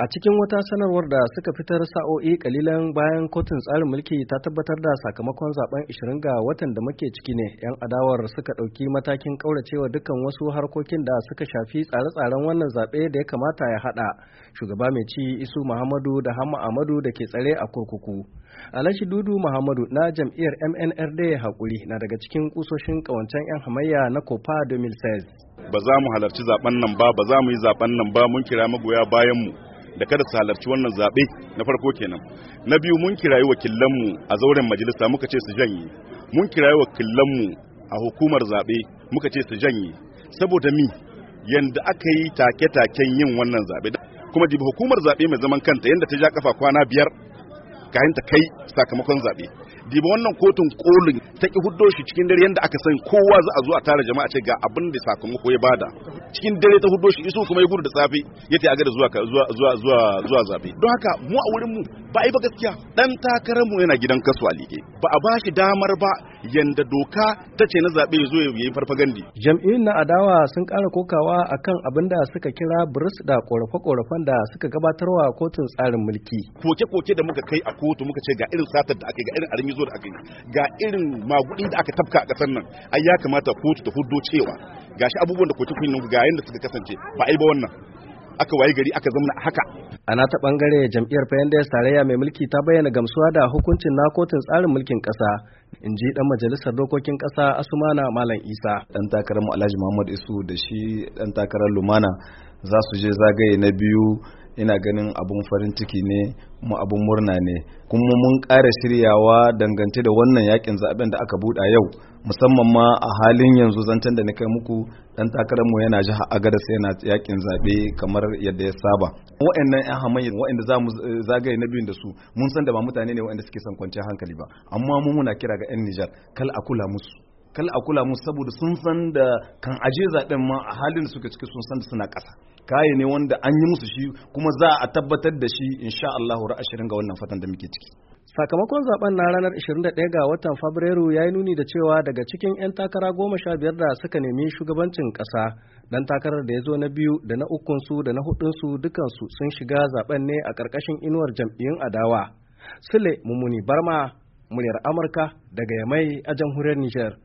A cikin wata sanarwar da suka fitar sa'o'i kalilan bayan kotun tsarin mulki ta tabbatar da sakamakon zaben 20 ga watan da muke ciki ne, 'yan adawar suka ɗauki matakin ƙauracewa dukkan wasu harkokin da suka shafi tsare-tsaren wannan zaɓe da ya kamata ya haɗa shugaba mai ci Isu Muhammadu da Hamma Amadu da ke tsare a kurkuku. Alashi Dudu Muhammadu na jam'iyyar MNRD haƙuri na daga cikin kusoshin ƙawancen 'yan hamayya na Copa 2016. Ba za mu halarci zaben nan ba, ba za mu yi zaben nan ba, mun kira magoya bayan mu. da kada su halarci wannan zaɓe na farko kenan na biyu mun kirayi wakilanmu a zauren majalisa muka ce su janye mun kirayi wakilanmu a hukumar zaɓe muka ce su janye saboda mi yanda aka yi take-taken yin wannan zaɓe kuma jibi hukumar zaɓe mai zaman kanta yanda ta ja kafa kwana biyar kayan ta kai sakamakon zaɓe diba wannan kotun kolin ta ki huddo shi cikin dare yadda aka san kowa za a zo a tara jama'a ce ga abin da sakamako ya bada cikin dare ta hudo shi isu kuma ya gudu da safe ya ta agada zuwa zuwa zuwa zuwa don haka mu a wurin mu ba ai ba gaskiya dan takarar mu yana gidan kasu a liƙe ba a ba shi damar ba yanda doka ta ce na zabe ya zo ya yi farfagandi jam'iyyun na adawa sun ƙara kokawa akan abin da suka kira burus da korafe-korafen da suka gabatarwa kotun tsarin mulki koke-koke da muka kai a kotu muka ce ga irin satar da aka yi ga irin armizo da aka yi ga irin magudi da aka tafka a ƙasar nan ai ya kamata kotu ta hudo cewa gashi abubuwan da kotu kullun ga yanda suka kasance ba ai ba wannan aka waye gari aka zamana haka ana ta bangare jam'iyyar fayandes tarayya mai mulki ta bayyana gamsuwa da hukuncin na kotun tsarin mulkin kasa in ji dan majalisar dokokin kasa asumana malam isa dan takarar mu alhaji muhammad isu da shi dan takarar lumana za su je zagaye na biyu ina ganin abun farin ciki ne mu abun murna ne kuma mun ƙara shiryawa dangante da wannan yakin zaben da aka buɗa yau musamman ma a halin yanzu zancen da na kai muku dan takararmu yana jihar sai yana yakin zaɓe kamar yadda ya saba wa'annan ƴan wa'anda za mu eh, zagaye na biyun da su mun san da ba mutane ne wa'anda suke son kwanciyar hankali ba amma mu muna kira ga yan nijar kal a kula musu kal a kula musu saboda sun san da kan aje zaɓen ma a halin da suke ciki sun san da suna ƙasa kaye ne wanda an yi musu shi kuma za a tabbatar da shi insha Allah ashirin ga wannan fatan da muke ciki sakamakon zaben na ranar 21 ga watan fabrairu ya yi nuni da cewa daga cikin 'yan takara goma sha biyar da suka nemi shugabancin ƙasa dan takarar da ya zo na biyu da na ukunsu da na hudunsu dukansu sun shiga zaben ne a ƙarƙashin inuwar jam'iyyun adawa sule mummuni barma muryar amurka daga yamai a jamhuriyar Nijar.